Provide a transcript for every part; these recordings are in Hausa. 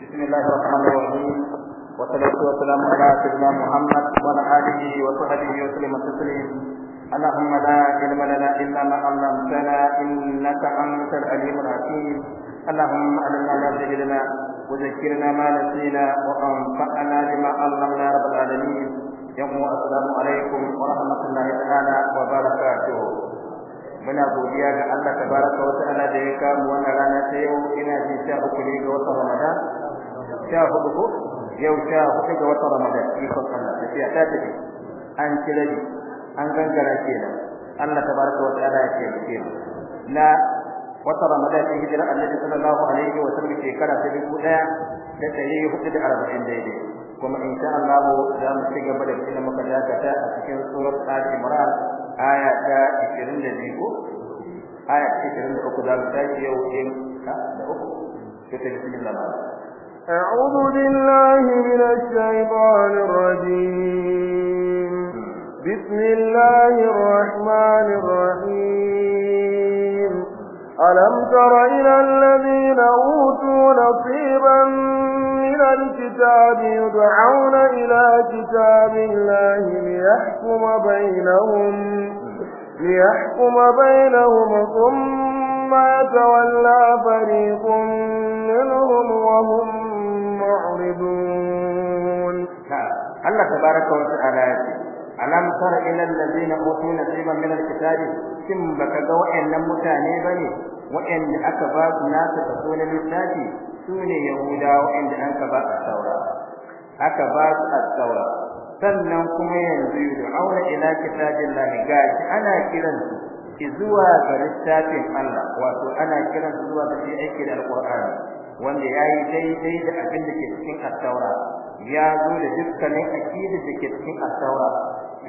Bismillahirrahmanirrahim. Wassalatu wassalamu ala sayyidina Muhammad wa ala alihi wa sahbihi wa sallam taslim. Allahumma la ilma lana illa ma 'allamtana innaka antal alimul hakim. Allahumma 'allimna ma jahilna wa zakkirna ma nasina wa anfa'na bima 'allamtana rabbal alamin. Yaqul assalamu wa rahmatullahi ta'ala wa barakatuh. muna godiya ga Allah tabaraka wa ta'ala da ya kamu wannan rana ta yau ina ji sha uku ne ga wata ramada sha hudu ko yau sha hudu ga watan Ramadan ikon Allah tafiya ta tafi an kira an gangara kenan Allah tabaraka wa ta'ala ya ce ke na wata ramada ta hijira Annabi sallallahu alaihi wa sallam shekara ta dubu daya da ɗari hudu da arba'in daidai kuma insha Allah za mu ci gaba da cikin muka dakata a cikin surat Al-Imran aya ta 22 ko aya ta 23 da ta yi أعوذ بالله من الشيطان الرجيم بسم الله الرحمن الرحيم ألم تر إلى الذين أوتوا نصيبا إلى الكتاب يدعون إلى كتاب الله ليحكم بينهم ليحكم بينهم ثم يتولى فريق منهم وهم معرضون الله تبارك وتعالى alam tara ila allazina utu nasiban min alkitabi kin baka ga wayannan mutane bane wayanda aka basu nasa nasu littafi sune yahuda inda an ka ba a saura haka ba su a saura sannan kuma yanzu yud'auna ila kitabillahi gashi ana kiran su zuwa ga littafin Allah wato ana kiran su zuwa ga aiki da alqur'ani wanda yayi daidai da abin da ke cikin taura ya zo da dukkanin akidar da ke cikin taura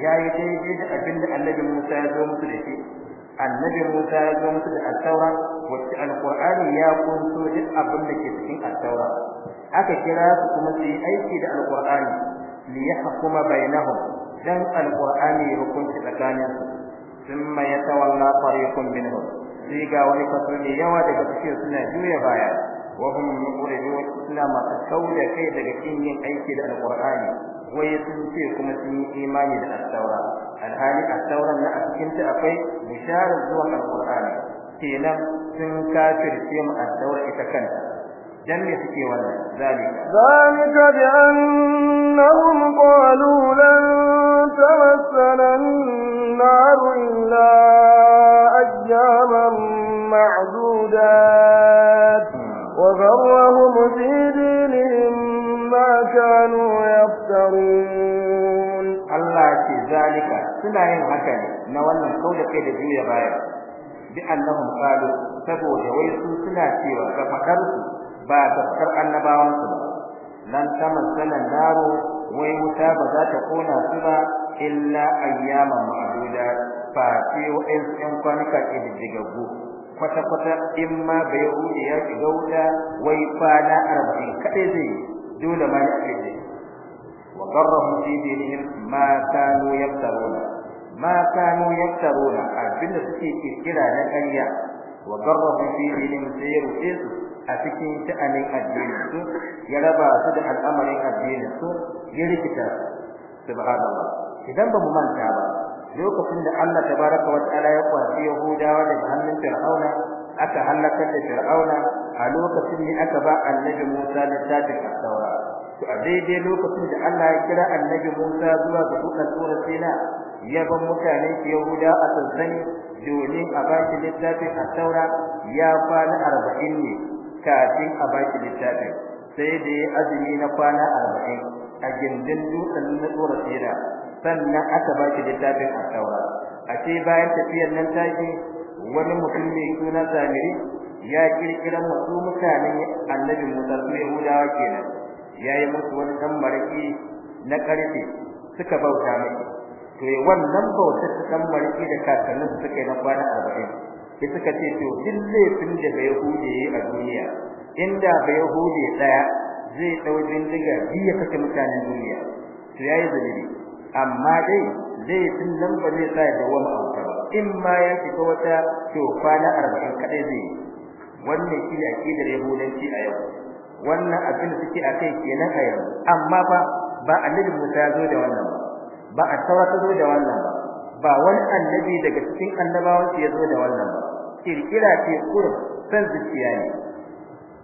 yayi daidai da abin da Annabi Musa ya zo musu da shi annabi Musa ya zo musu da attaura wacce alqur'ani ya kunso duk abin da ke cikin attaura aka kira su kuma su yi aiki da alqur'ani li yahkuma bainahum dan alqur'ani ya hukunci tsakanin su thumma yatawalla fariqun minhum sai ga wani kaso ne yawa daga cikin suna juya baya wa hum muqridun suna masu kauda kai daga kin yin aiki da alqur'ani wai sun ce kuma sun yi imani da attaura alhali attauran na a cikin ta akwai bisharar zuwa alqur'ani kenan sun kafirce mu attaura ita kanta dan me suke wannan zalika zalika bi annahum qalu lan tamassana an-nar illa suna yin haka ne na wannan kauda kai da juya baya bi annahum qalu saboda wai su suna cewa ga fakar su ba tafkar annabawan su ba ta tamassana naro wai wuta ba za ta kona su ba illa ayyaman ma'duda fa ce wa'in yan kwanuka kididdigaggu kwata kwata in ma bai hude ya shiga wuta wai kwana 40 kadai zai dole ma ya kididdige wa darrahu fi dinihim ma kanu yaftaruna ma kanu yaktaruna abinda suke kirkira na ƙarya wa garrahu fi dinin sayru isu a cikin sha'anin addini su ya raba su da al'amarin addini su ya rikita subhanallah idan ba mu manta ba lokacin da Allah tabaraka wa ta'ala ya kwaci Yahudawa daga hannun Fir'auna aka halakar da Fir'auna a lokacin ne aka ba Annabi Musa littafin Taurat to a daidai lokacin da Allah ya kira Annabi Musa zuwa ga dukkan Sina ya ban mutane yahuda a tsantsani domin a baki littafin saura ya kwana arba'in ne kafin a baki littafin sai da ya azumi na kwana arba'in a gindin dutsen na tsoron tsira sannan aka baki littafin saura. a ce bayan tafiyar nan take wani mutum mai suna samiri ya kirkira masu mutanen annabi musa yahudawa kenan ya yi musu wani ɗan na ƙarfe suka bauta mai to yi wannan bautar ta dan da kakannin su suke na kwana 40 sai suka ce to duk laifin da bai hude a duniya inda bai hude daya zai dau bindiga biya kake mutanen duniya to yayi zalimi amma dai laifin nan ba zai tsaya da wani auka ba in ma ya shiga wata to kwana 40 kadai zai wannan shi ne da yahudanci a yau wannan abin da suke akai kenan a yau amma ba ba annabi Musa ya zo da wannan ba ba a ta zo da wannan ba ba wani annabi daga cikin annabawan ya zo da wannan ba kirkira ce kurum san zuciya ne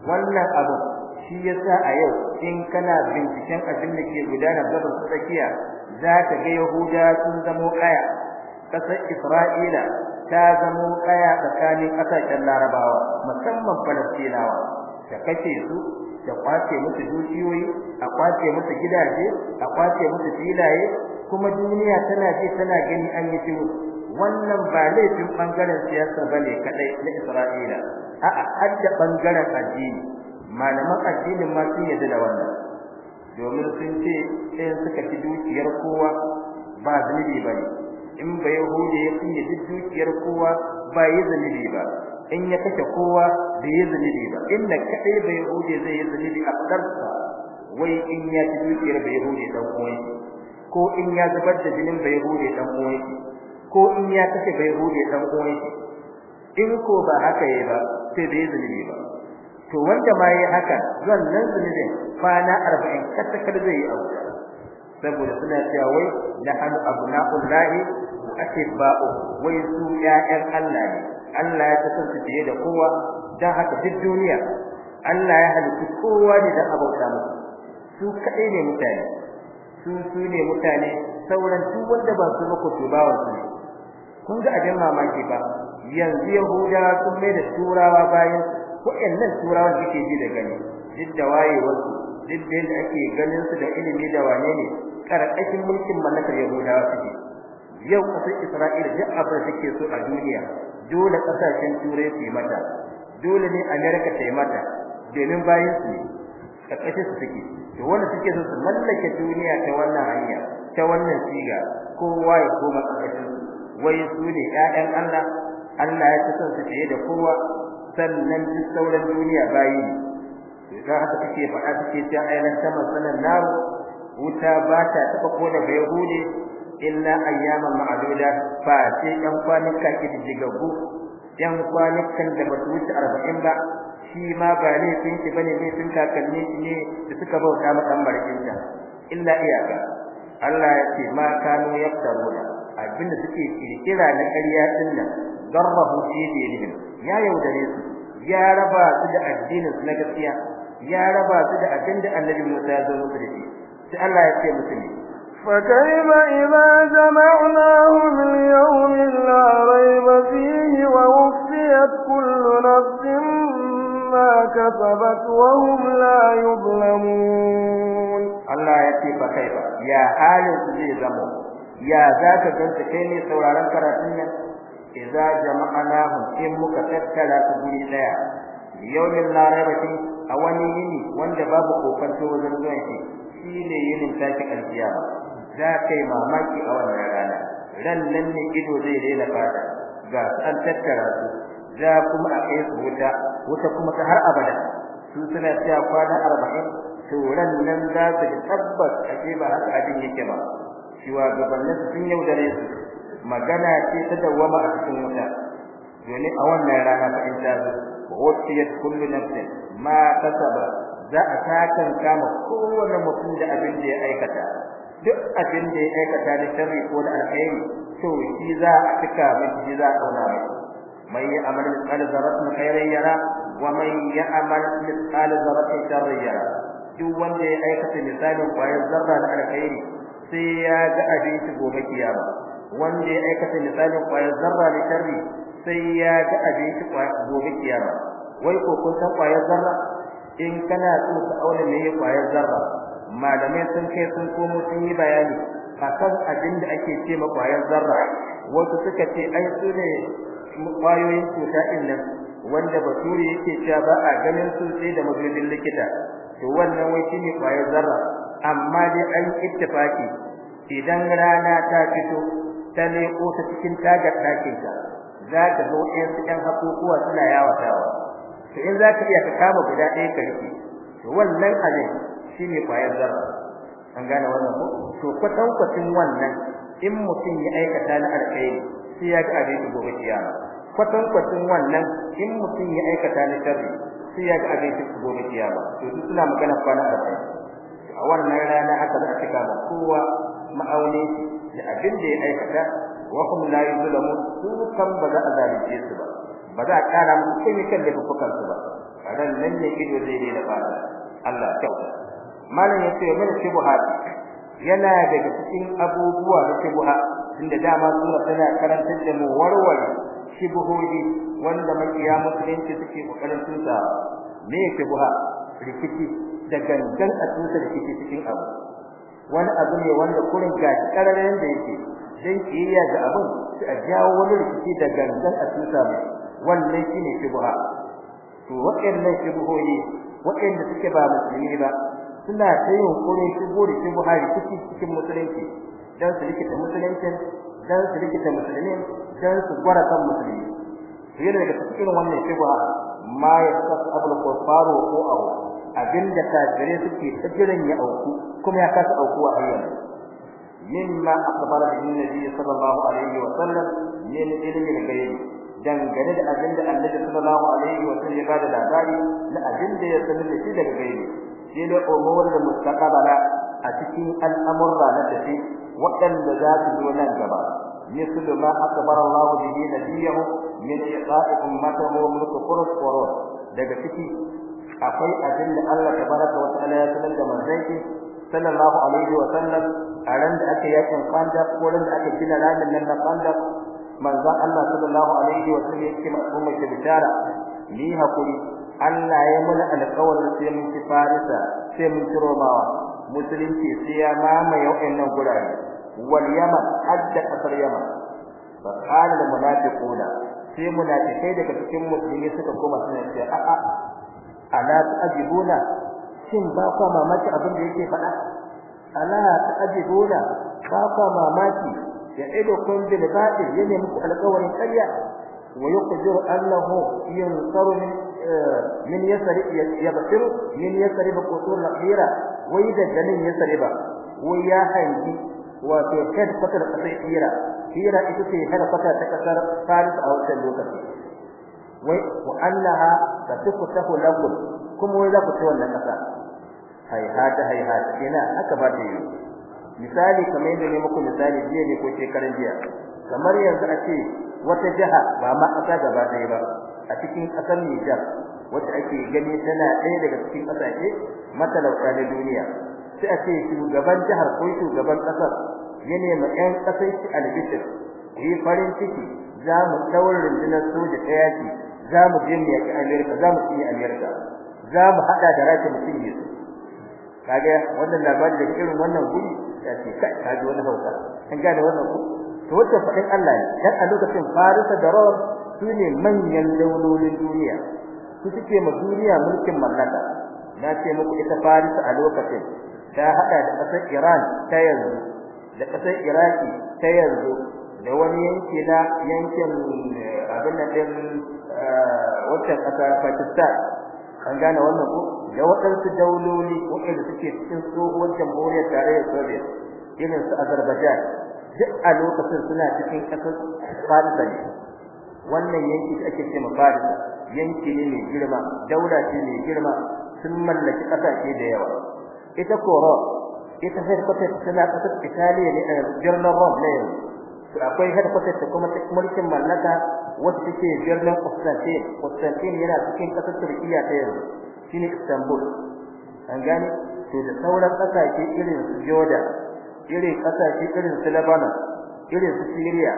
wannan abu shi yasa a yau in kana binciken abin da ke gudana su tsakiya za ka ga yahuda sun zamo kaya kasar isra'ila ta zamo kaya tsakanin kasashen larabawa musamman falastinawa da kace su da kwace musu dukiyoyi a kwace musu gidaje a kwace musu filaye kuma duniya tana ji tana gani an yi shiru wannan ba laifin bangaren siyasa bane kadai na Isra'ila a'a hadda bangaren addini malaman addinin ma sun yi da wannan domin sun ce in suka ci dukiyar kowa ba zunubi bane in ba yahudi ya ci dukiyar kowa ba yi zunubi ba in ya kace kowa da yi zunubi ba da kadai ba yahudi zai yi zunubi a kadarsa wai in ya ci dukiyar ba yahudi dan uwansa ko in ya zubar da jinin bai hude dan uwan shi ko in ya kashe bai hude dan uwan shi in ko ba haka yayi ba sai bai zunubi ba to wanda ma yayi haka wannan zunubin kana 40 katakar kada zai yi abu saboda suna cewa wai nahnu abna'ullahi atiba'u wai su ya'yan Allah ne Allah ya kasance fiye da kowa dan haka duk duniya Allah ya halitta kowa ne da abauta su kai ne mutane Sun su mutane sauran su wanda ba su mako ba bawan su kun ga ajin mamaki ba yanzu yahuda sun mai da turawa bayan nan turawa suke ji da gani duk da waye wasu duk da yadda ake ganin su da ilimi da wane ne karkashin mulkin mallakar yahudawa suke yau kasar isra'ila duk abin suke so a duniya dole kasashen turai su yi mata dole ne amerika ta yi mata domin bayan su karkashin su take to wanda suke so su mallake duniya ta wannan hanya ta wannan siga kowa ya koma karkashin wai su ne ƴaƴan Allah Allah ya ci su fiye da kowa sannan duk sauran duniya bayi ne to haka take faɗa take ta ayyan ta masalan nar wuta ba ta taba kona bai hude illa ayyama ma'duda fa sai ɗan kwanuka kididdigaggu ɗan kwanukan da ba su wuce arba'in ba shi ma ba laifin shi bane laifin kakanni shi ne da suka bauta ma dan barkinta illa iyaka Allah ya ce ma kanu yaftaruna abinda suke kirkira na ƙarya din nan garrahu fi dinihim ya yaudare su ya raba su da addinin su na gaskiya ya raba su da abinda Annabi Musa ya zo musu da shi sai Allah ya ce musu ne فكيف إذا جمعناه ليوم لا ريب فيه ووفيت كل نفس ما كسبت وهم لا يظلمون الله يكفي فكيف يا آل ذي زمو يا ذاك كنت كيني سورارن كراتين إذا جمعناهم إن مكتبتر تقولي لا يوم لا ريب فيه أولي يني وان جباب قوفنت وزنزوين فيه شيني يني تاكي القيامة ذاك ماماكي أولي رانا ran nan ne ido zai daina fata ga an tattara su za kuma a kai su wuta wata kuma ta har abada su suna cewa kwana arba'in to nan za su tabbas ake ba haka abin yake ba cewa gabanin sun yaudare su magana ce ta dawama a cikin wuta domin a wannan rana ta in ta zo wasiyat kullu nafsi ma kasaba za a sakan kama kowane mutum da abin da ya aikata duk abin da ya aikata da sharri ko da alkhairi to shi za a cika mai za a kauna mai من يعمل مثقال ذرة خيرا يرى ومن يعمل مثقال ذرة شرا يرى duk wanda ya aikata misalin kwayar zarra na alkhairi sai ya ga abin gobe kiyama wanda ya aikata misalin kwayar zarra na sharri sai ya ga abin gobe kiyama wai ko kun san kwayar zarra in kana so ka auna me kwayar zarra malamai sun kai sun sun yi bayani akan abin da ake ce ma kwayar zarra wasu suka ce ne kwayoyin cuta din nan wanda bature yake cewa ba a ganin su sai da mazubin likita to wannan wai shine kwayar zarra amma dai an ittifaki idan rana ta fito ta leko ta cikin tagar ɗakin ta za ka zo ɗayan su ɗan hakukuwa suna tawa to in za ka iya ka kama guda ɗaya ka rike to wannan abin shine kwayar zarra an gane wannan ko to kwatankwacin wannan in mutum ya aikata na alkhairi sai ya ga abin gobe kiyama kwatan kwatan wannan in mutum ya aikata ne sharri sai ya ga abin gobe kiyama to duk suna magana kwana da kai a wannan rana aka da aka kama kowa ma'auni da abin da ya aikata wa kuma la yuzlamu su kan ba za a zalunce su ba ba za a kara musu kan da fukan su ba kadan nan ne ido zai ne da fara Allah ya kawo malam yace wa min shubuhat yana daga cikin abubuwa da shubuhat inda dama sura tana karantar da mu warwar shibuhohi wanda makiya musulunci suke kokarin tusa me buha rikici da gangan a da rikici cikin abu wani abu ne wanda kurin ga kararin da yake dan kiyaya ga abun shi a jawo wani rikici da gangan a tusa mai wannan shine shibuha to waɗannan shibuhohi waɗanda suke ba musulmi ba suna tayin kurin shigo da shibuha cikin musulunci dan su likita musulunci dan su likita musulmi dan su gwara kan musulmi yana daga cikin wannan shibha ma ya kasu abul kufaru ko awu abinda gare suke tsirin ya auku kuma ya kasa auku a yau mimma akbara bihi nabi sallallahu alaihi wa sallam min ilmi al-ghaib dangane da abinda annabi sallallahu alaihi wa sallam ya bada labari na abinda ya sanar da shi daga gaibi shi ne umurul mustaqbala a cikin al'amurra na tafi waɗanda za su zo nan gaba مثل ما أخبر الله به نبيه من إعطاء أمته ملك فرس ورود daga ciki akwai abin da Allah tabaraka wa ta'ala ya sanar da manzanki sallallahu alaihi wa sallam a ran da aka yakin Khandaq ko ran da aka gina ramin nan na Khandaq manzon Allah sallallahu alaihi wa sallam yake ma umma ta bishara ni hakuri Allah ya mana alƙawarin sai mun Farisa sai mun musulunci sai ya mamaye wayannan gurare wal yaman hadda kasar yaman fa qala al munafiquna sai munafikai daga cikin musulmi suka koma suna ce a a ala tajibuna shin ba ku mamaki abin da yake faɗa ala tajibuna ba ku mamaki ya ido kun bil batil yana muku alƙawarin ƙarya ويقدر أنه ينصر من من يسر يبصر من يسر بقصور الأخيرة wai da daggalin ya sare ba wai ya wa wato head fatar kasar hira hira ita ce head fatar ta kasar faris a wannan lokaci wai wa annaha satukutahu lakum kuma wai za ku ci wannan kasa hay hada ina haka ba da yi misali kamar yadda ne muku misali jiya ne ko shekaran jiya kamar yanzu a ce wata jiha ba ma aka gaba ɗaya ba a cikin ƙasar Nijar wacce ake gani tana ɗaya daga cikin ƙasashe matalauta na duniya sai a ce shugaban jihar ko shugaban ƙasar ya nema ƴan ƙasar shi albishir ku yi farin ciki za mu ɗaura rundunar soja ta yaƙi za mu je mu yaƙi amerika za mu iya amerika za mu haɗa da rashin mutum cinye su kaga wannan labarin da irin wannan guri ya ce kai ji wani hausa an gane wannan ku to wacce faɗin Allah ne dan a lokacin Farisa da rawar su ne manyan daulolin duniya su suke ma duniya mulkin mallaka na ce muku ita Faris a lokacin ta hada da kasar Iran ta yanzu da kasar Iraki ta yanzu da wani yanki na yankin eh, abin da din eh, wannan kasa Pakistan an gane wannan ko da waɗansu dauloli waɗanda suke cikin tsohuwar jamhuriyar tarayyar Soviet irin su Azerbaijan duk a lokacin suna cikin kasar Faris wannan yanki ake cewa Faris yanki ne mai girma daula ce mai girma sun mallaki kasashe da yawa ita koro ita headquarters tana ƙasar Italiya ne a jirgin Rome ne akwai headquarters ta kuma mulkin mallaka wacce take birnin Constantine Constantine yana cikin ƙasar Turkiya ta yanzu shine Istanbul an gane to da sauran kasashe irin su Jordan irin kasashe irin su Lebanon irin su Syria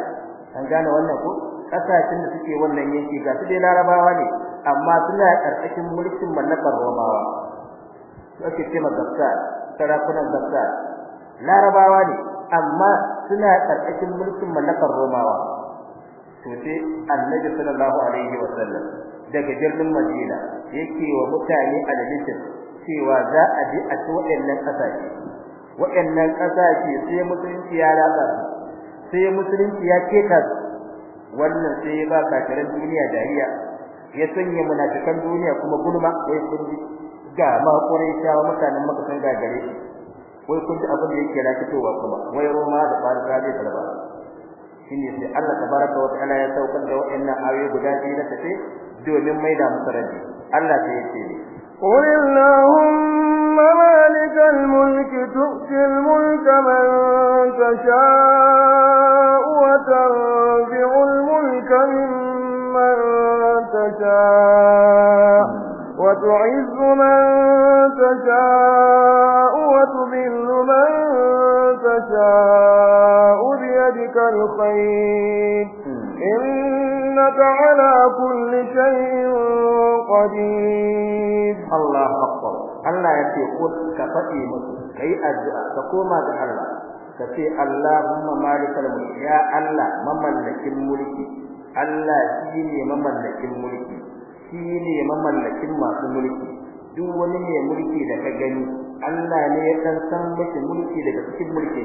an gane wannan ko kasashen da suke wannan yanki ga su dai larabawa ne amma suna karkashin mulkin mallakar romawa su ake cewa gaska sarakunan gaska larabawa ne amma suna karkashin mulkin mallakar romawa to sai annabi sallallahu alaihi wa sallam daga jirgin madina yake wa mutane alalishin cewa za a je a ci waɗannan kasashe waɗannan kasashe sai musulunci ya lalata sai musulunci ya keta su wannan sai ya ba kafirin duniya dariya ya sanya munafikan duniya kuma gulma wai kun ji ga ma quraishawa mutanen maka sun gare shi wai kun ji abin da yake rakitowa kuma wai roma da farisa da talaba shine sai Allah tabaraka wa ta'ala ya saukar da wa'annan ayoyi guda biyu da tace domin mai da rabi Allah sai ya ce qul allahumma بيد الملك تؤتي الملك من تشاء وتنزع الملك ممن تشاء وتعز من تشاء وتذل من تشاء بيدك الخير إنك على كل شيء قدير الله أكبر Allah ya ce ko ka faɗi musu kai addu'a ka koma ga Allah ka ce Allahumma malikal mulki ya Allah mamallakin mulki Allah shine mamallakin mulki shine mamallakin masu mulki duk wani ne mulki da ka gani Allah ne ya san san miki mulki daga cikin mulki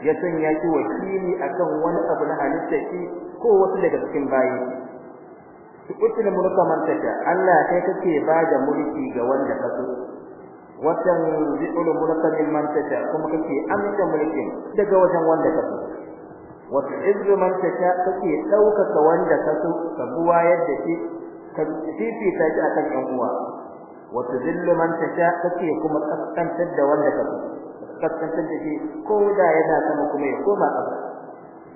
ya san ya ki wakili akan wani abu na halitta ki ko wasu daga cikin bayi tukutul mulka man tasha Allah kai kake ba da mulki ga wanda ka so watan bi'ul mulkan man tasha kuma kake amsa mulkin daga wajen wanda kake wato wata izzu man tasha kake dauka wanda ka wanda kake buwa yadda shi ka fifita shi akan yan uwa wata zillu man tasha kake kuma kaskantar da wanda kake kaskantar da shi ko da yana sama kuma ya koma abu.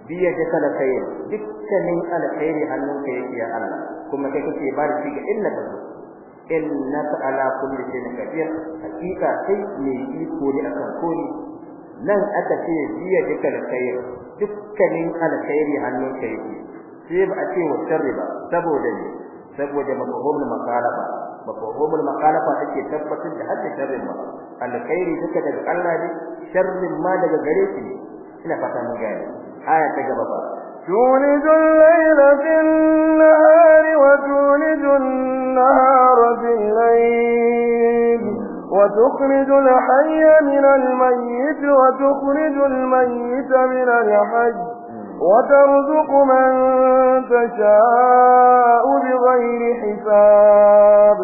biya da kala kai dukkanin alkhairi hannunka yake ya Allah kuma kai kake ba shi ga illa innaka ala kulli shay'in qadir hakika kai ne iko ne akan komai nan aka ce biya duka alkhair dukkanin alkhairi hannun kai ne sai ba a ce wa sharri ba saboda ne saboda mafhumul makalafa mafhumul makalafa take tabbatar da hadda sharrin ma alkhairi duka daga Allah ne sharrin ma daga gare shi ina fata mun gane aya ta gaba ba tunizul layla fil nahar وتولد النهار في الليل وتخرج الحي من الميت وتخرج الميت من الحي وترزق من تشاء بغير حساب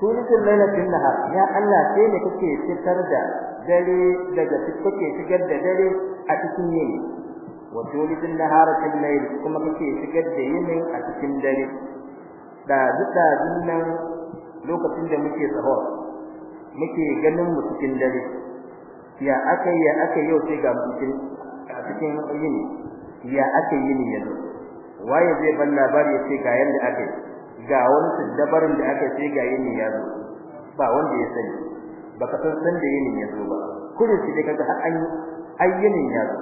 تولد نعم. الليل في النهار يا الله كيف ne kake fitar da dare daga دليل shigar wa tulidin nahara fil layl kuma kake shigar da yinin a cikin dare da duka dinnan lokacin da muke sahur muke ganin mu cikin dare ya akai yau sai ga cikin yini ya akai yini yanzu waye zai ban labari sai ga yanda akai ga wani dabarin da aka sai ga yini ya ba wanda ya sani baka san san da yini ya ba kullum sai kaga har an ayyinin ya zo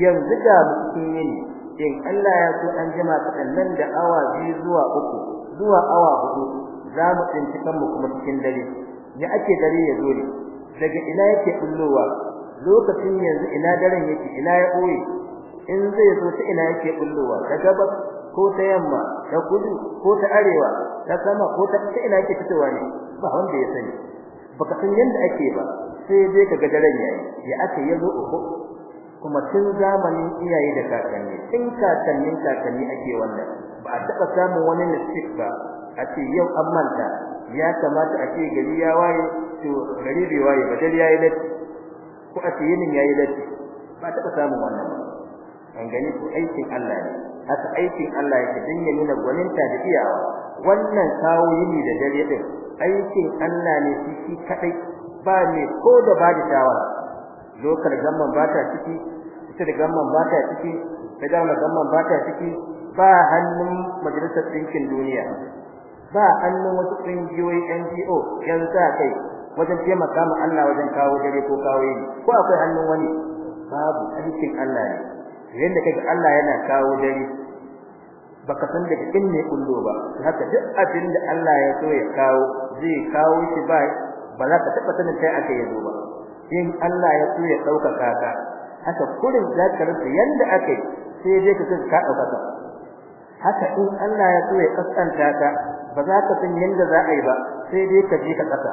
yanzu da cikin ne. in Allah ya so an jima kaɗan nan da awa biyu zuwa uku zuwa awa hudu za mu tsinci kanmu kuma cikin dare ya ake dare ya zo ne daga ina yake bullowa lokacin yanzu ina daren yake ina ya ɓoye in zai zo ta ina yake bullowa ta gabas ko ta yamma ta kudu ko ta arewa ta sama ko ta ta ina yake fitowa ne ba wanda ya sani baka san yanda ake ba sai dai kaga daren yayi ya ake yazo uku kuma tun zamanin iyaye da kakanni tun kakannin kakanni ake wannan ba a taɓa samun wani nasib ba a ce yau an manta ya kamata a ce gari ya waye to gari bai waye ba dare yayi latti ko a ce yinin yayi latti ba taɓa samun wannan ba an gani ko aikin Allah ne haka aikin Allah yake dan ya nuna gwaninta da iyawa wannan kawo yini da dare din aikin Allah ne shi kadai ba ne ko da ba da shawara lokar zaman ba ta ciki ita da gamman ba ta ciki gamman ba ta ciki ba hannun majalisar ɗinkin duniya ba hannun wasu ƙungiyoyi NGO yan sa kai wajen taimaka ma Allah wajen kawo dare ko kawo yini ko akwai hannun wani babu aikin Allah ne da kaga Allah yana kawo dare baka san daga kin ne kullo ba haka duk abin da Allah ya so ya kawo zai kawo shi ba ba za ka taɓa sanin sai aka zo ba in Allah ya so ya dauka ka haka kurin zaka rasa yanda akai sai dai ka ka dauka haka in Allah ya so ya kasanta ka ba za ka san yanda za a yi ba sai dai ka je ka kasa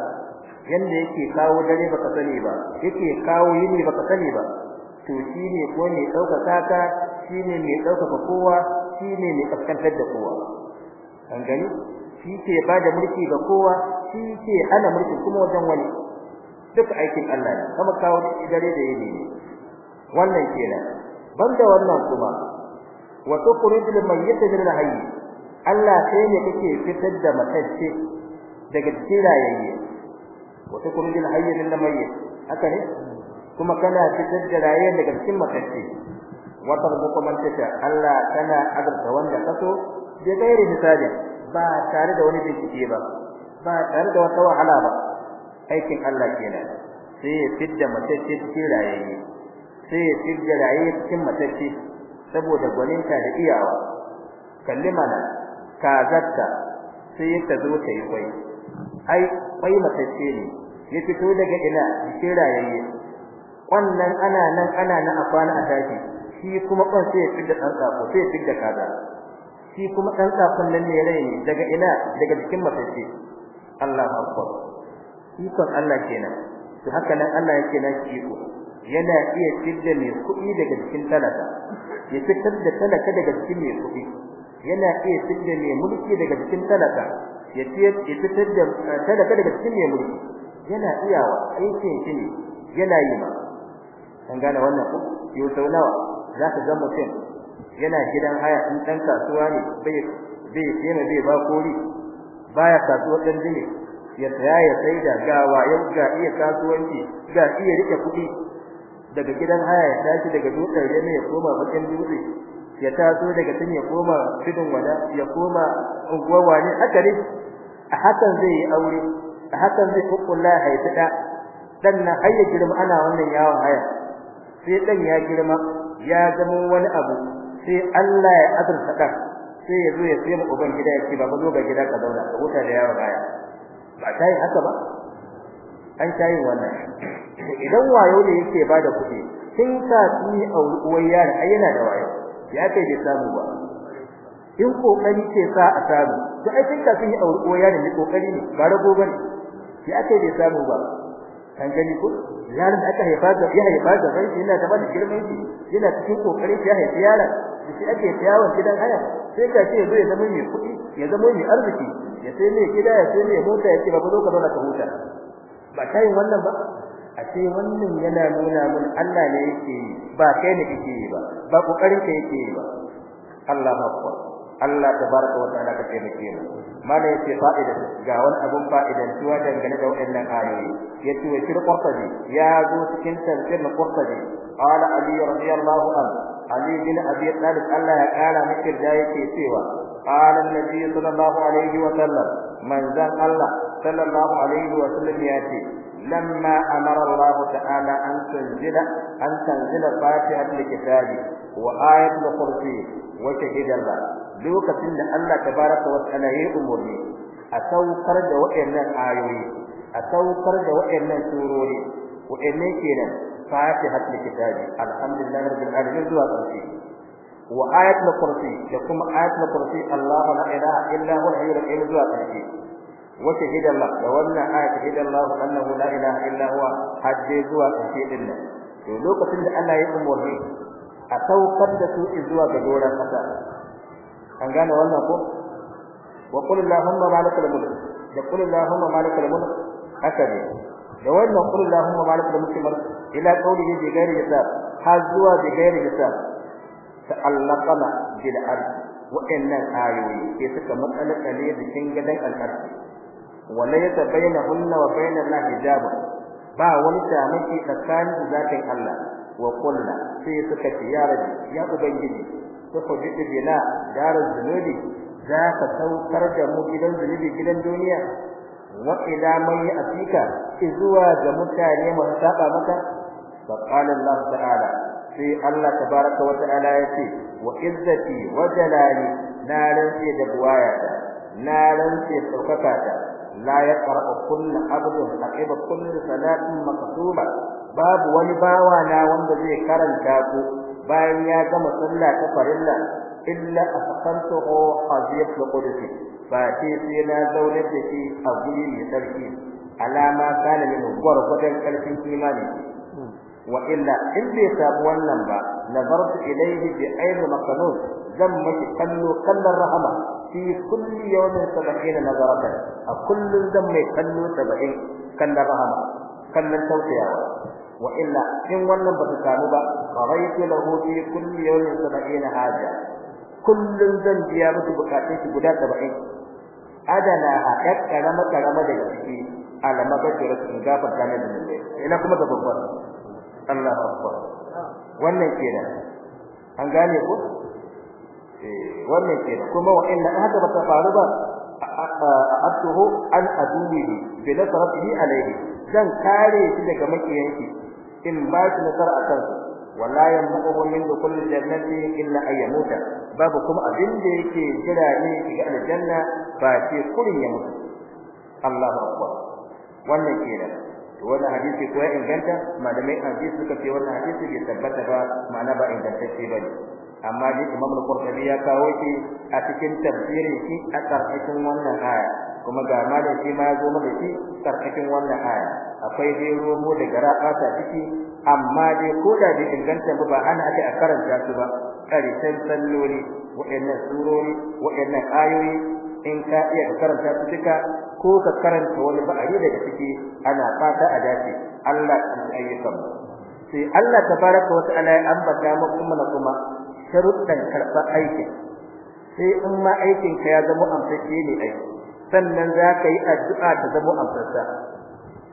yanda yake kawo dare baka sani ba yake kawo yini baka sani ba to shine ko ne dauka ka shine mai dauka kowa shine mai kaskantar da kowa an gani shi ke bada mulki ga kowa shi ke hana mulki kuma wajen wani duk aikin Allah ne kuma kawo dare da yini wannan kenan banda wannan kuma wa tukhrij lil mayyit min al hayy Allah sai ne kake fitar da matacce daga cikin rayayye wa tukhrij al hayy min al mayyit haka ne kuma kana fitar da rayayye daga cikin matacce wa tarbuka man tasha Allah kana azurta wanda kaso da gairi hisabi ba tare da wani bincike ba ba tare da wata wahala ba aikin Allah kenan sai ya fitar da matacce cikin sai ya fidda raye cikin matacce saboda gwaninta da iyawa Kallima na. kazatta sai ta zo ta yi kwai ai kwai matacce ne ya fito daga ina cikin rayayye wannan ana nan ana nan a kwana a tashi shi kuma kwan sai ya fidda dan tsako sai ya fidda kaza shi kuma dan tsakon nan ne rai ne daga ina daga cikin matacce Allahu akbar ikon Allah kenan to haka nan Allah yake na shi ko yana iya fidda mai kuɗi daga cikin talaka ya fitar da talaka daga cikin mai kuɗi yana iya fidda mai mulki daga cikin talaka ya fitar da eh, talaka daga cikin mai mulki yana iyawa aikin shi ne yana yi ma an gane wannan ku yau sau nawa za ka ga mutum yana gidan haya in ɗan kasuwa ne bai bai yana bai ba kori baya kasuwa ɗan jini ya tsaya ya sai da gawa yau ga iya kasuwanci ga iya rike kuɗi daga gidan haya ya tashi daga dutsen yana ya koma bakin dutse ya taso daga tun ya koma cikin wada ya koma unguwar wani haka ne a hakan zai yi aure a hakan zai ya haifi da dan na har ya girma ana wannan yawon haya sai ɗan ya girma ya zama wani abu sai Allah ya azurta dan sai ya zo ya sai mu uban gida ya ce baba zo ga gida ka zauna ka wuta da yawon haya ba sai haka ba an tayi wannan idan wayo ne yake bada kuɗi sai ka ni auri uwar yaro ai yana da wayo ya kai da samu ba in kokari ce sa a samu to ai sun ka ni auri uwar yaro ne kokari ne ba rago bane ya kai da samu ba kan gani ko yaron da aka haifa da ya haifa da bai yana da wani girman shi yana cikin kokari ya haifi yaron shi ake tiyawon gidan haya sai ka ce zai zama mai kuɗi ya zama mai arziki ya sai mai gida ya sai mai mota ya ce ba zo ka zauna ka huta ba kai wannan ba a ce wannan yana nuna mun Allah ne yake yi ba kai ne kike ba ba kokarin ka yake ba Allah akbar Allah tabaraka wa ta'ala ka taimake mu mana ce fa'ida ga wani abun fa'idan tuwa dangane da wannan ayoyi yace wa shir qurtabi ya zo cikin tafsir qurtabi qala ali radiyallahu anhu ali bin abi talib Allah ya kala miki da yake cewa qala an-nabi sallallahu alaihi wa sallam zan Allah sallallahu alaihi wa sallam ya ce lamma amara Allah ta'ala an tanzila an tanzila fatiha al-kitabi wa ayat al-kursi wa shahidallah lokacin da Allah tabaraka wa ta'ala ya umurni a saukar da waɗannan ayoyi a saukar da waɗannan surori waɗannan kenan fatiha al-kitabi alhamdulillah rabbil alamin zuwa kursi wa ayat al-kursi da kuma ayat al-kursi Allah la ilaha illa huwa al-hayyul qayyum zuwa kursi وشهد الله لولا آية شهد الله أنه لا إله إلا هو حجي زوا كثير الله لوكسن da Allah ya umurni a saukar da su zuwa ga doran kasa an gane wannan ko wa qul allahumma malikal mulk da qul allahumma malikal mulk haka ne da wannan qul allahumma malikal mulk ila qawlihi bi ghairi hisab har zuwa bi ghairi hisab ta'allaqana bil ke suka matsalaka ne da kin wa laysa bainahunna wa bainallahi hijab ba wani tamaki tsakanin zatin Allah wa kullu sai suka ce ya rabbi ya ubangiji suka bi bila darar zunubi za ka saukar da mu gidan zunubi gidan duniya wa ila man ya'tika izuwa ga mutane masu saba maka fa Allah ta'ala sai Allah tabaraka wa ta'ala yace wa izzati wa jalali na rantsi da buwaya na rantsi saukaka ta la yaqra'u kullu abdun aqiba kullu salatin maqsuba babu wani bawa na wanda zai karanta ku bayan ya gama sallah ta farilla illa afqantuhu haziyat qudsi fa ti sai na zaune da shi a guri mai sarki alama kana min gwargwadon karfin imani wa illa in bai samu wannan ba nazartu ilayhi bi ayni makanon, zan miki kallo kallon rahama fi kulli a kullun zan mai kallo 70 kallon rahama kallon tausayawa wa illa in wannan ba ta samu ba qaraitu lahu fi kulli yawmin sab'ina haja kullun zan biya musu bukatun shi guda 70 adana a karama karama da ciki alama bakira sun gafarta min da ina kuma da babbar Allah akbar wannan kenan an gane ku Eh, wannan ke kuma wa'inda haka ba ta faru ba atuhu an aduwihi bi nasratihi alayhi zan kare shi daga makiyanki in ba shi nasara akan su wala yanbuhu min kulli jannati illa ayyamuta babu kuma abin da yake jira ne ga aljanna ba ce kurin ya mutu Allahu akbar wannan kenan wannan hadisi ko ya inganta malamai hadisi suka ce wannan hadisi bai tabbata ba ma'ana ba ingantacce bane amma dai Imam al-Qurtubi ya kawo shi a cikin tafsirin shi a karkashin wannan aya kuma ga malam shi ma ya zo mana shi karkashin wannan aya akwai dai da gara ta ciki amma dai ko da inganta ba ana ake a karanta su ba karshen salloli wa'annan surori wa'annan ayoyi in ka iya karanta su duka ko ka karanta wani ba'ari daga ciki ana fata a dace Allah ya sabu sai Allah tabaraka wa ta'ala ya ambata mu kuma sharuɗan karɓar aikin sai in ma aikin ka ya zama amfashe ne aiki sannan za ka yi addu'a ta zama amfasa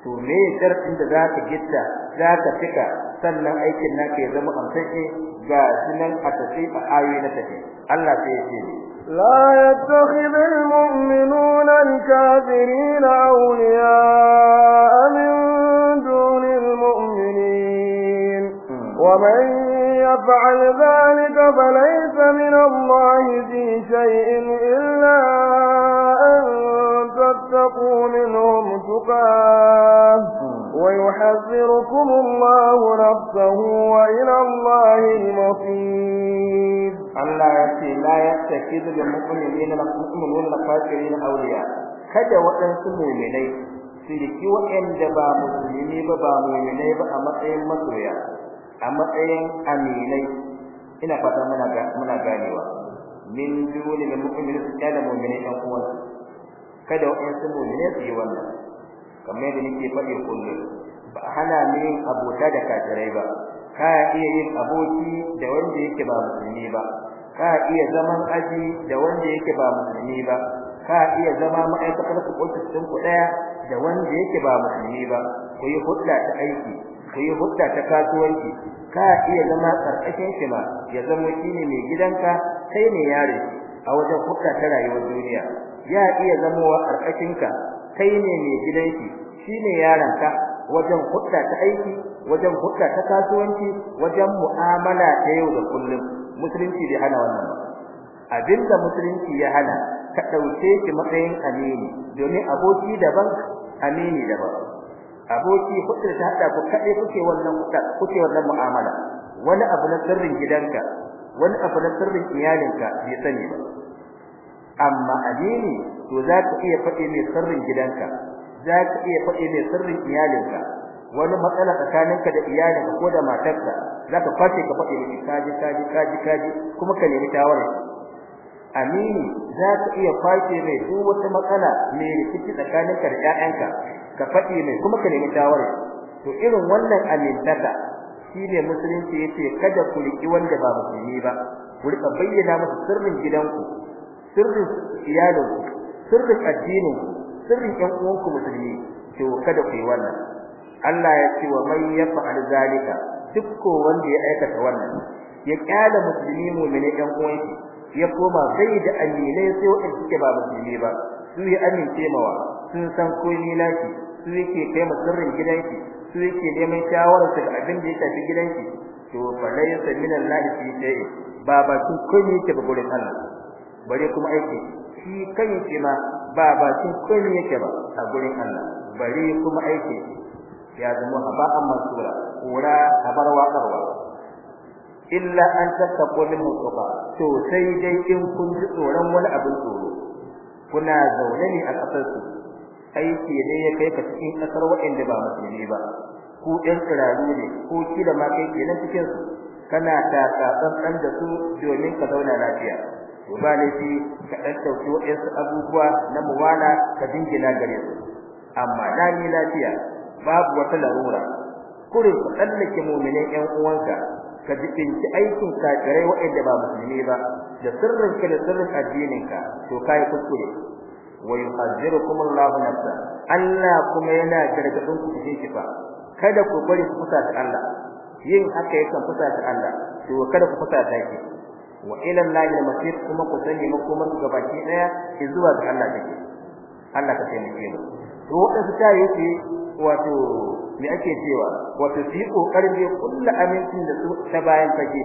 to me sharɗin da za ka gitta za ka cika sannan aikin naka ya zama amfashe ga sunan a tafi a ayoyi na tafi Allah sai ya ce لا يتخذ المؤمنون الكافرين أولياء من ومن يفعل ذلك فليس من الله في شيء إلا أن تتقوا منهم تقاه ويحذركم الله نفسه وإلى الله المصير الله يأتي لا يتكيد للمؤمنين المؤمنون الفاكرين أولياء kada waɗansu muminai su riki waɗanda ba musulmi ba ba muminai ba a matsayin aminai ina fata muna ganewa min dole da mu'minin su da mu'minin ɗan uwan kada wa'ansu mu'minin su yi wannan kamar yadda nake faɗi kullum ba a hana ni abota da kafirai ba ka iya yin aboki da wanda yake ba musulmi ba ka iya zaman aji da wanda yake ba musulmi ba ka iya zama ma'aikatar ku ko cikin ku daya da wanda yake ba musulmi ba ku yi hudda ta aiki ka yi hudda ta kasuwanci ka iya zama karkashin shi ma ya zama ne mai gidanka kai ne yare a wajen hudda ta rayuwar duniya ya iya zama wa karkashinka kai ne mai gidanki shine yaranka wajen hudda ta aiki wajen hudda ta kasuwanci wajen mu'amala ta yau da kullum musulunci bai hana wannan ba abinda musulunci ya hana ka dauke shi matsayin amini domin aboki daban amini daban aboki kuka ta hada ku kade kuke wannan kuka kuke wannan mu'amala wani abu na sirrin gidanka wani abu na sirrin iyalinka bai sani ba amma amini to za ka iya faɗi mai sirrin gidanka za ka iya faɗi mai sirrin iyalinka wani matsala tsakaninka da iyalinka ko da matarka za ka kwace ka faɗi mai kaji kaji kaji kaji kuma ka nemi tawara amini za ka iya kwace mai duk wata matsala mai rikici tsakaninka da ƴaƴanka ka faɗi mai kuma ka nemi shawara to irin wannan amintaka shine musulunci yace kada ku riki wanda ba musulmi ba ku rika bayyana masa sirrin gidanku sirrin iyalinku sirrin addininku sirrin ƴan uwanku musulmi to kada ku yi wannan Allah ya ce wa man yaf'al zalika dukko wanda ya aikata wannan ya kyale musulmi mu'mini ɗan uwanki ya koma sai da aminai sai wa'in suke ba musulmi ba su yi amince mawa sun san ko ni laki su yake kai musurrin sirrin gidanki su yake neman shawarar daga abin da ya shafi gidanki to fa sai min Allah ki sai ba ba su kun yake ba gurin Allah bare kuma aiki shi kan yake ma ba ba su kun yake ba a gurin Allah bare kuma aiki ya zama Amma sura kura habar karwa illa an tattaqu min mustafa to sai dai in kun ji tsoron wani abin tsoro kuna zaune ne a kasar aiki ne ya kai ka cikin kasar waɗanda ba musulmi ba ku ɗan tsirari ne ko kila ma kai kenan cikin su kana ta dan da su domin ka zauna lafiya to ba laifi ka ɗan ɗauki abubuwa na muwala ka dingina gare su amma ni lafiya babu wata larura kurin ka tsallake mu'minin ƴan uwanka ka jibinci aikin kafirai waɗanda ba musulmi ba da sirrinka da sirrin addininka to kai kuskure wa yuhadhirukum Allah nafsa Allah kuma yana gargadin ku cikin kada ku bari ku fusa ta Allah yin haka yakan fusa ta Allah to kada ku fusa ta ki wa ila Allah al-masir kuma ku sani makomar gabaki daya zuwa ga Allah take Allah ka taimake mu to wanda su ta yake wato me ake cewa wato su yi kokarin da kullu amincin da su ta bayan fage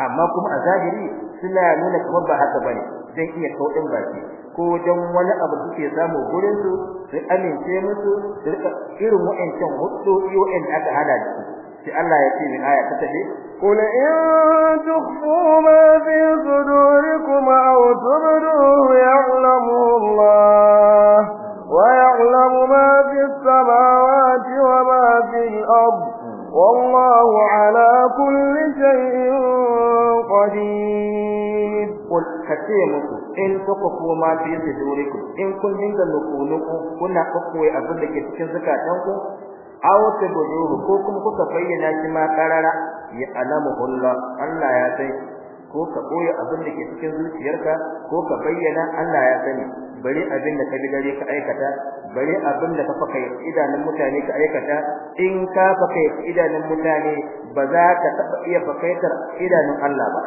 amma kuma a zahiri suna nuna kamar ba haka bane dan iya kaudin baki ko dan wani abu suke samu gurinsu, su amince musu su rika irin wa'ancan hudodi wa'anda aka hada da su sai Allah ya ce min aya ta tafi qul in tukhfu ma fi sudurikum aw tubduhu ya'lamu Allah wa ya'lamu ma fi samawati wa ma fi al-ard wallahu ala kulli shay'in qadir kul kace muku in kuka kuma fi sudurikum in kun dinga nuku kuna kokoye abin da ke cikin zakatan ku aw tabduhu ko kuma kuka bayyana shi ma karara ya alamu Allah Allah ya sai ko ka koyi abin da ke cikin zuciyarka ko ka bayyana Allah ya sani bari abin da ka bi gare ka aikata bari abin da ka faka idanun mutane ka aikata in ka faka idanun mutane ba za ka taba iya fakaitar idanun Allah ba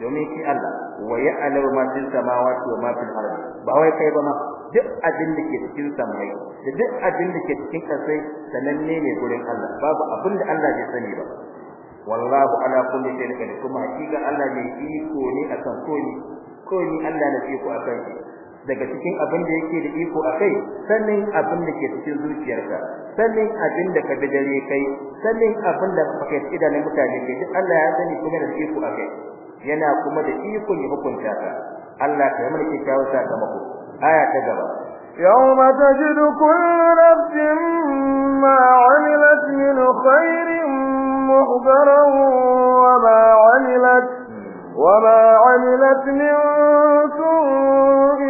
domin shi Allah wa ya'lamu ma fil samawati wa ma fil ardi ba wai kai ba ma duk abin da ke cikin samai da duk abin da ke cikin kasai sananne ne gurin Allah babu abin da Allah bai sani ba wallahu ala kulli shay'in qadir kuma hakika Allah ne iko ne akan koyi koyi Allah ne iko akan daga cikin abin da yake da iko akai sanin abin da ke cikin zuciyarka sanin abin da ka dare kai sanin abin da kai idanun mutane ke Allah ya sani kuma da iko akai yana kuma da ikon ya hukunta ta Allah ka yi mana kyakkyawar sakamako aya ta gaba يوم تجد كل نفس ما عملت من خير مخبرا وما عملت وما عملت من سوء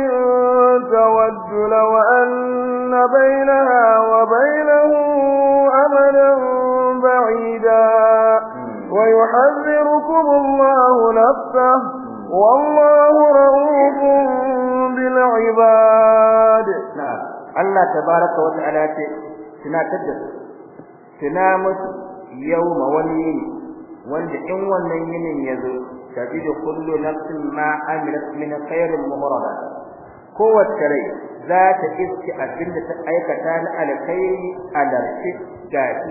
تود لو أن بينها وبينه أمدا بعيدا ويحذركم الله نفسه والله رؤوف بالعباد الله تبارك وتعالى تنا تدد تنا مس يوم ولين wanda in wannan yinin yazo tajidu kullu nafsin ma amilat min khairin muhrada kowace rai za ta iske abinda ta aikata na alkhairi a ga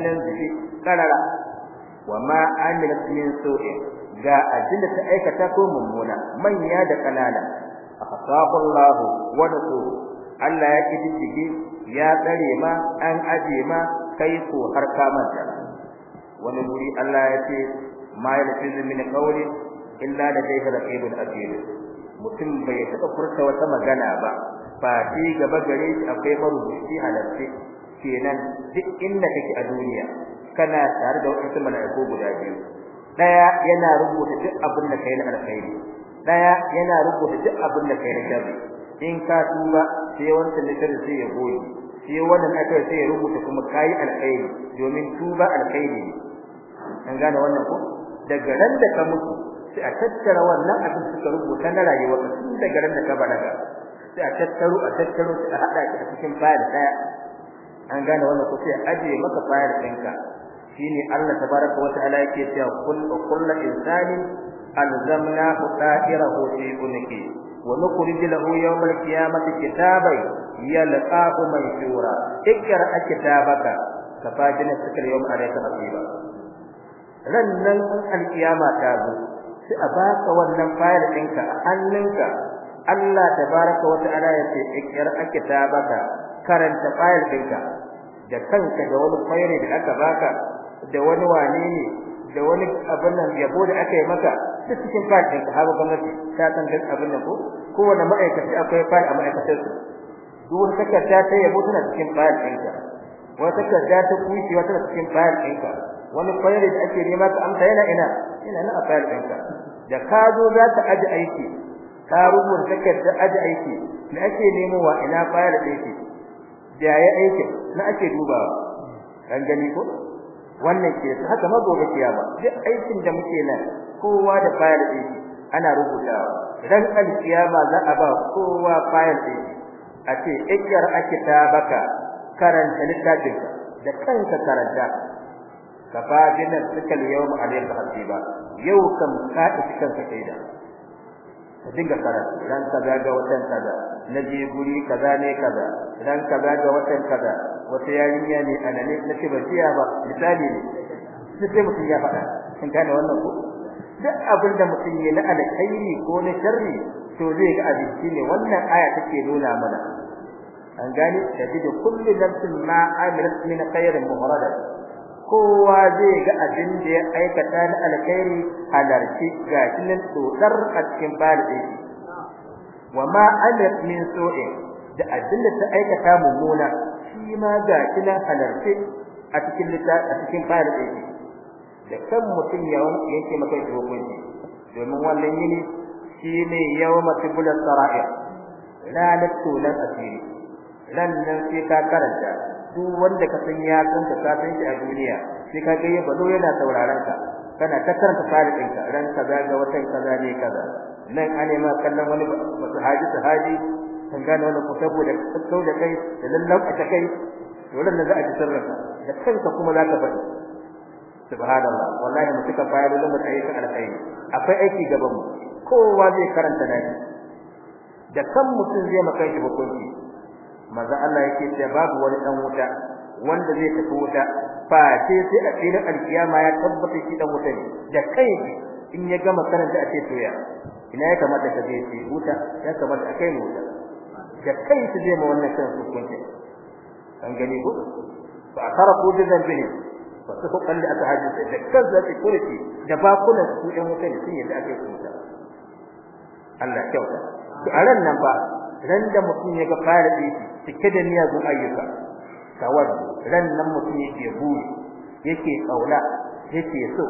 nan zai karara wa ma amilat min su'in ga abinda ta aikata ko mummuna manya da kanana akhsahu Allah wa nasuhu Allah ya kididdige ya tsare ma an aje ma kai ko har ka manta wani guri Allah ya ce ma yalfiz min qawli illa kai raqibun atid mutum bai taɓa furta wata magana ba ba gaba gare shi akwai marubuci halarci kenan duk inda kake a duniya kana tare da wasu mala'iku guda biyu daya yana rubuta duk abin da kai na alkhairi daya yana rubuta duk abin da kai na sharri in ka tuba sai ne littafin sai ya goyi sai wannan aka sai ya rubuta kuma kai alkhairi domin tuba alkhairi ne an gane wannan ko daga ran da ka mutu sai a tattara wannan abin suka rubuta na rayuwa tun daga ran da ka balaga sai a tattaro a tattaro sai a hada shi a cikin fayil daya an gane wannan ko sai a ajiye maka fayil ɗinka shine Allah tabaraka wa ta'ala yake cewa kullu kullu insani alzamna ta'irahu fi unki wa nukhrij lahu yawm al-qiyamati kitaban yalqahu manshura ikra kitabaka kafa jinna sikal yawm alayka hasiba rannan al ta zo sai a baka wannan fayar ɗinka a hannunka Allah tabaraka wa ta'ala yace ikra kitabaka karanta fayar ɗinka da kanka da wani fayar da aka baka da wani wane ne da wani abin nan yabo da aka yi maka duk cikin fayil ɗin sahaba gwamnati ta san duk abin nan ko kowane ma'aikaci akwai fayil a ma'aikatar su. duk wani takarda ta yabo tana cikin fayil ɗinka wani takarda ta kushewa tana cikin fayil ɗinka wani kwayar da ake nema ka amsa yana ina ina na fayil ɗinka da ka zo za ka aji aiki ka rubuta takarda aji aiki me ake nemowa ina fayil ɗinki da ya aikin na ake dubawa kan gani ko wannan ke haka ma gobe kiyama duk aikin da muke nan kowa da fayar din ana rubutawa dan alkiyama za a ba kowa fayar din a ce ikrar akitabaka karanta littafin da kanka karanta ka fadina suka yau mu alayka hasiba yau kam ka iskan ka kaida ka dinga karanta dan ka ga watan kaza na je guri kaza ne kaza dan ka ga watan kaza wata yarinya ne alale na ce ban iya ba misali ne sai mutum ya faɗa kin gane wannan ko duk abin da mutum ya na alkhairi ko na sharri to zai ga abinci ne wannan aya take nuna mana an gane da tajidu kullu nafsin ma amilat min khairin muhrada kowa zai ga abin da ya aikata na alkhairi halarci ga kinin tsodar a cikin bari wa ma amilat min su'in da abin da ta aikata mummuna shi ma ga kina halarce a cikin littafi a cikin da kan mutum ya yake maka shi ne domin wannan yini shi ne yawma tibulat sara'ir ranar la asiri lan nan sai ka karanta duk wanda ka san ya san ka san shi a duniya sai ka ga yaba yana sauraron ka kana ta karanta fayar ɗinka ran kaza ga watan kaza ne kaza nan ane ma kallon wani sahaji Haji. kun gane wannan ko saboda kau da kai da lallauka ta kai dole ne za a ji sirrinka da kanka kuma za ka faɗi subhanallah wallahi mu tuka bayar da mu tsaye kan alkhairi akwai aiki gaban mu kowa zai karanta nashi da kan mutum zai maka shi hukunci maza Allah yake cewa babu wani dan wuta wanda zai tafi wuta fa sai sai a filin alkiyama ya tabbata shi dan wuta ne da kai in ya gama karanta a ce to ina ya kamata ka je wuta ya kamata a kai wuta da kai su zai wannan shan hukunci an gani ko fa akarafu bi dhanbihi fa suka kalli aka haji da kaza ta kurki da bakunan su ɗan wuta ne sun aka ake kunta Allah kyauta to a ran nan ba ran da mutum ya ga fara dinki cike da zuwa ayyuka tawar ran nan mutum yake buri yake kaula yake so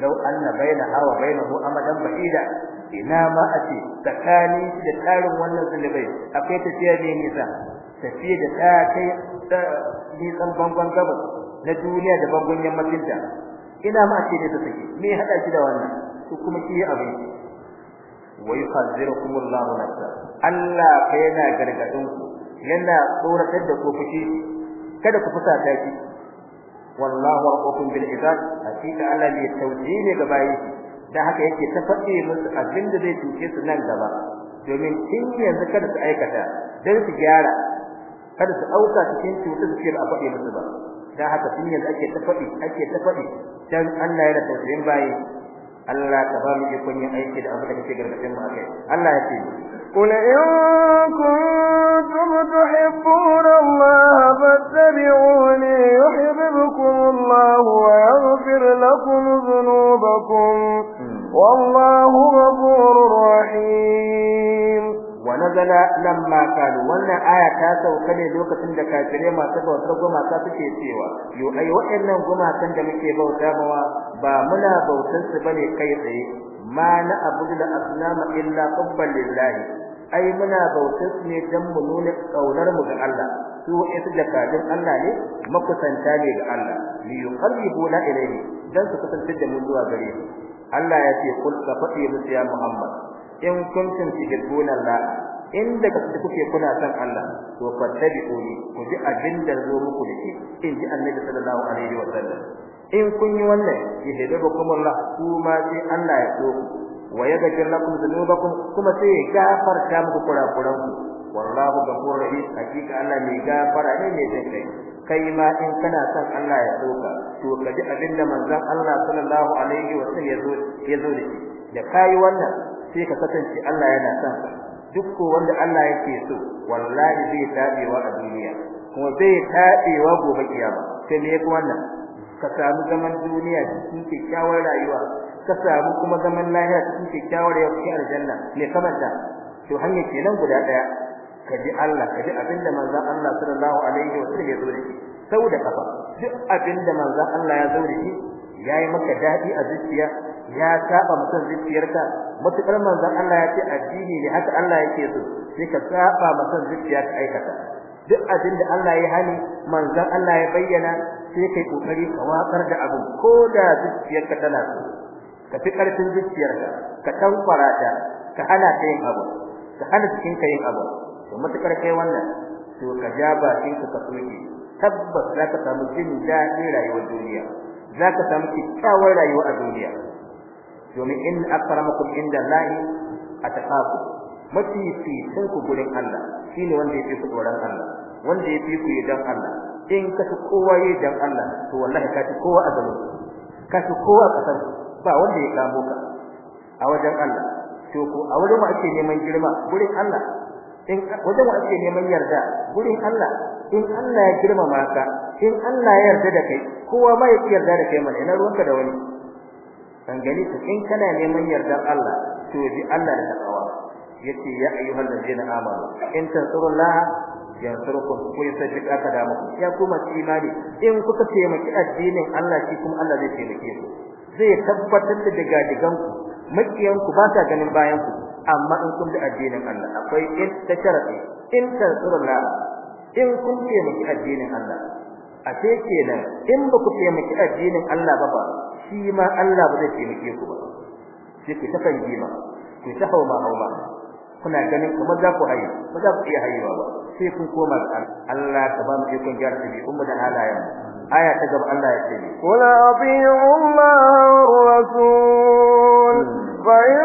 law anna bainaha wa bainahu amadan ba'ida ina ma a ce tsakanin da tarin wannan zulubai akwai tafiya ne nisa tafiya da ta kai ta nisan bangon gabas na duniya da bangon yammacin ta ina ma a ce ne take me ya hada ki da wannan su kuma ki ya abin wa yuhazzirukum Allah nafsa Allah fa yana gargadin ku yana tsoratar da ku fushi kada ku fusa ta ki wallahu rabbukum bil ibad hakika Allah ne tauji ne ga bayi dan haka yake ta fadi musu abin da zai cuce su nan gaba domin kin yanzu kada su aikata dan su gyara kada su auka cikin cutar da suke a fadi musu ba dan haka kin yanzu ake ta fadi ake ta fadi dan Allah ya rabu sayin bayi Allah ta ba mu ikon yin aiki da abin da kake gargadin mu akai Allah ya ce قل إن كنتم تحبون الله فاتبعوني يحببكم الله ويغفر لكم ذنوبكم والله غفور رحيم ونزل لما wannan aya ta sauka ne lokacin da kafire masu bautar gumaka suke cewa yo ai waɗannan gumakan da muke bauta mawa ba muna bautar su bane kai tsaye ma na abudu da asnama illa qabban lillahi ai muna bautar su ne dan mu nuna kaunar mu ga Allah su ita kafin Allah ne makusanta ne ga Allah li yuqarribuna ilayhi don su kusanta da mu zuwa gare shi Allah ya ce kul ka fadi musu ya Muhammad in kuntum tuhibbuna Allah in da kuke kuna san Allah to fattabi'uni ku ji abin da zo muku da in ji Annabi sallallahu alaihi wa sallam in kun yi wannan yahdirukum Allah kuma sai Allah ya so ku wa yaghfir lakum dhunubakum kuma sai ya gafarta muku kurakuranku wallahu ghafurur rahim hakika Allah mai gafara ne mai tsaye kai ma in kana son Allah ya ka. to ka ji abin da manzon Allah sallallahu alaihi wa sallam ya zo da shi da kai wannan sai ka kasance Allah yana son duk ko wanda Allah yake so wallahi zai tabe a duniya kuma zai wa gobe kiyama sai me yake wannan ka samu zaman duniya cikin kyakkyawar rayuwa ka samu kuma zaman lahiya cikin kyakkyawar yau cikin aljanna me kamar da to hanya kenan guda daya ka ji Allah ka ji abinda manzo Allah sallallahu alaihi wa sallam ya zo da sau da kafa duk abinda manzo Allah ya zo da yayi maka dadi a zuciya ya saba mutan zuciyarka matukar manzon Allah ya ce addini ne haka Allah yake so sai ka saba mutan zuciya ka aikata duk abinda Allah ya hani manzon Allah ya bayyana sai kai kokari ka wakar da abu ko da zuciyarka tana so ka fi karfin zuciyarka ka tankwara ta ka hana ta yin abu ka hana cikin ka yin abu to matukar kai wannan to ka ja shi ka soke tabbas zaka samu jin daɗin rayuwar duniya zaka samu kyakkyawar rayuwa a duniya domin in akramakum inda lahi ataqaku mafi sun ku gurin Allah shine wanda ya fi ku tsoron Allah wanda ya fi ku yadan Allah in ka fi kowa yadan Allah to wallahi ka fi kowa azalu ka fi kowa kasar ba wanda ya kamo ka a wajen Allah to ko a wurin ma ake neman girma gurin Allah in wajen wa ake neman yarda gurin Allah in Allah ya girmama ka in Allah ya yarda da kai kowa ma ya yarda da kai mana ina ruwanka da wani dan gani in kana neman yardar Allah to bi Allah da kawa yace ya ayyuhal ladina amanu in tansurullaha yansurukum ku yasajjik ka da mu ya kuma imani in kuka taimaki addinin Allah shi kuma Allah zai taimake ku zai tabbatar da daga digan ku makiyanku ba sa ganin bayanku amma in kun bi addinin Allah akwai in ta sharadi in tansurullah in kun taimaki addinin Allah A ashe kenan in ba ku taimaki addinin Allah ba ba shi ma Allah ba zai taimake ku ba sai ku takan gima ku ta hauma hauma kuna ganin kuma za ku haye ba za ku iya hayewa ba sai kun koma ga Allah ta ba mu ikon gyara ɗabi'un mu da halayen mu aya ta gaba Allah ya ce ne qul ati'u Allah rasul fa in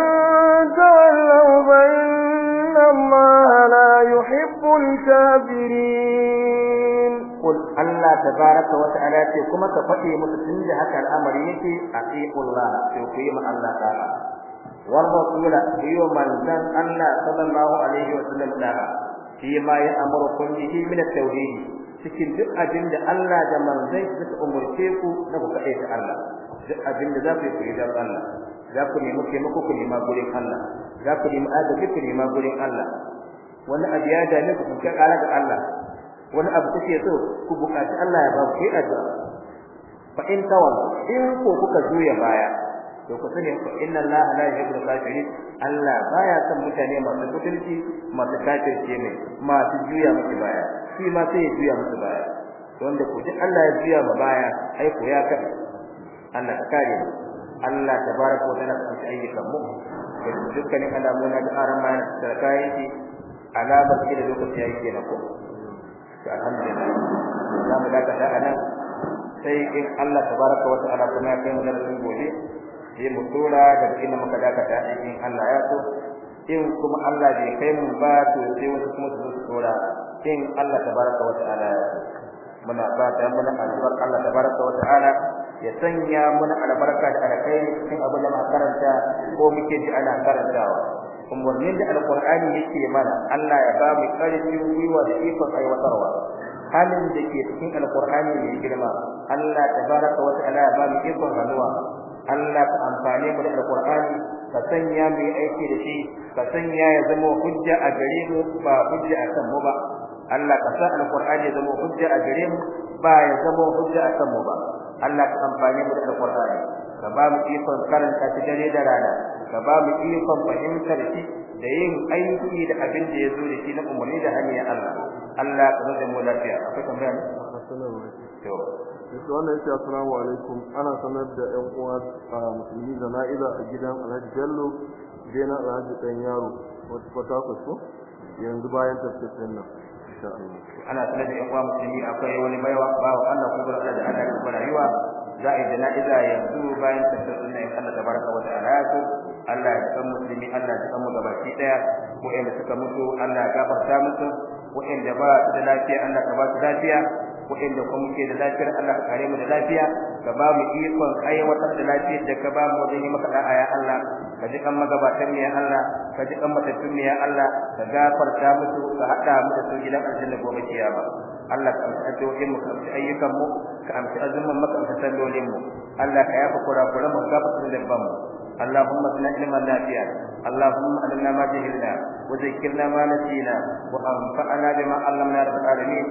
tawallaw fa inna Allah la yuhibbu kafirin qul Allah tabaraka wa ta'ala ce kuma ka fade musu tunda haka al'amari yake ati'u Allah sai ku yi ma Allah ta'a biyo rasul yiwa manzan Allah sallallahu alaihi wa sallam da. shi ma ya amuru kullihi min at-tauhid cikin duk abin da Allah da manzon shi suka umurce ku na ku kaɗai ta Allah duk abin da za ku yi ku yi Allah za ku nemi taimako ku nema gurin Allah za ku nemi agaji ku nema gurin Allah wani abu ya dame ku kun kara ga Allah wani abu kuke so ku buƙaci Allah ya ba ku yi addu'a fa in tawallu in ko kuka juya baya to ku sani inna Allah la yuhibbu al-kafirin Allah baya son mutane masu kudurci masu kafirce ne masu juya miki baya shi ma sai ya juya miki baya wanda ko ji Allah ya juya ma baya ai ku ya kafa Allah ka kare mu Allah tabaraka wa ta'ala ka ka mu da dukkanin alamuna da arama da sarka yake alama ce da lokaci ke na ku to alhamdulillah zamu ta ana sai in Allah tabaraka wa ta'ala kuma ya kai mu da gobe sai mu tura da inda muka dakata in Allah ya so in kuma Allah bai kai mu ba to sai wasu kuma su tura in Allah tabaraka wa ta'ala ya so. muna fata muna albar Allah tabaraka wa ta'ala ya sanya muna albarka da alkai cikin abin da karanta ko muke ji ana karantawa umarnin da alqur'ani yake mana Allah ya ba mu karfi gwiwa da ikon aiwatarwa halin da ke cikin alqur'ani mai girma Allah tabaraka wa ta'ala ya ba mu ikon hannuwa Allah ka amfane mu da alqur'ani ka sanya mu aiki da shi ka sanya ya zama hujja a gare mu ba hujja a kan mu ba Allah ka sa alqur'ani ya zama hujja a gare mu ba ya zama hujja a kan mu ba Allah ka amfane mu da alqur'ani ka ba mu ikon karanta shi dare da rana ka ba mu ikon fahimtar shi da yin aiki da abin da ya zo da shi na umarni da hanyar Allah Allah ka zama mu lafiya akwai tambaya ne to Yake wannan yake assalamu alaikum ana sanar da ƴan uwa a musulmi jana'iza a gidan Alhaji Bello na Alhaji Dan Yaro wata kwata ko yanzu bayan tafsirin nan insha Allah ana sanar da ƴan uwa musulmi akwai wani baiwa bawa Allah ku barka da Allah ko rayuwa za a yi jana'iza yanzu bayan tafsirin nan Allah tabaraka wa ta'ala Allah ya san musulmi Allah ya san mu gabaki daya wa'anda suka mutu Allah ya gafarta musu wa'anda ba su da lafiya Allah ka ba su lafiya wa'anda kuma muke da lafiyar Allah ka kare mu da lafiya ka ba mu ikon aiwatar da lafiyar da ka ba mu wajen yi maka da'a ya Allah ka ji kan magabatan mu ya Allah ka ji kan matattun mu ya Allah ka gafarta musu ka hada mu da su gidan aljanna gobe kiyama Allah ka amsa addu'o'in mu ka amsa ayyukan mu ka amsa azumin mu ka amsa sallolin mu Allah ka yafa kurakuran mu ka gafarta da mu اللهم اغننا علما نافعا اللهم علمنا ما جهلنا وذكرنا ما نسينا وانفعنا بما علمنا رب العالمين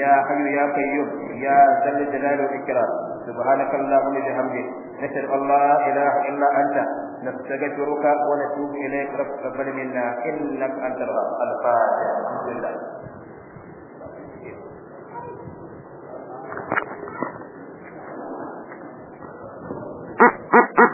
يا حي يا قيوم يا ذا الجلال والاكرام سبحانك اللهم بحمدك نشهد ان لا اله الا انت نستغفرك ونتوب اليك رب تقبل منا انك انت الرب الفاتح الحمد لله Ha ah, ah, ha ah. ha!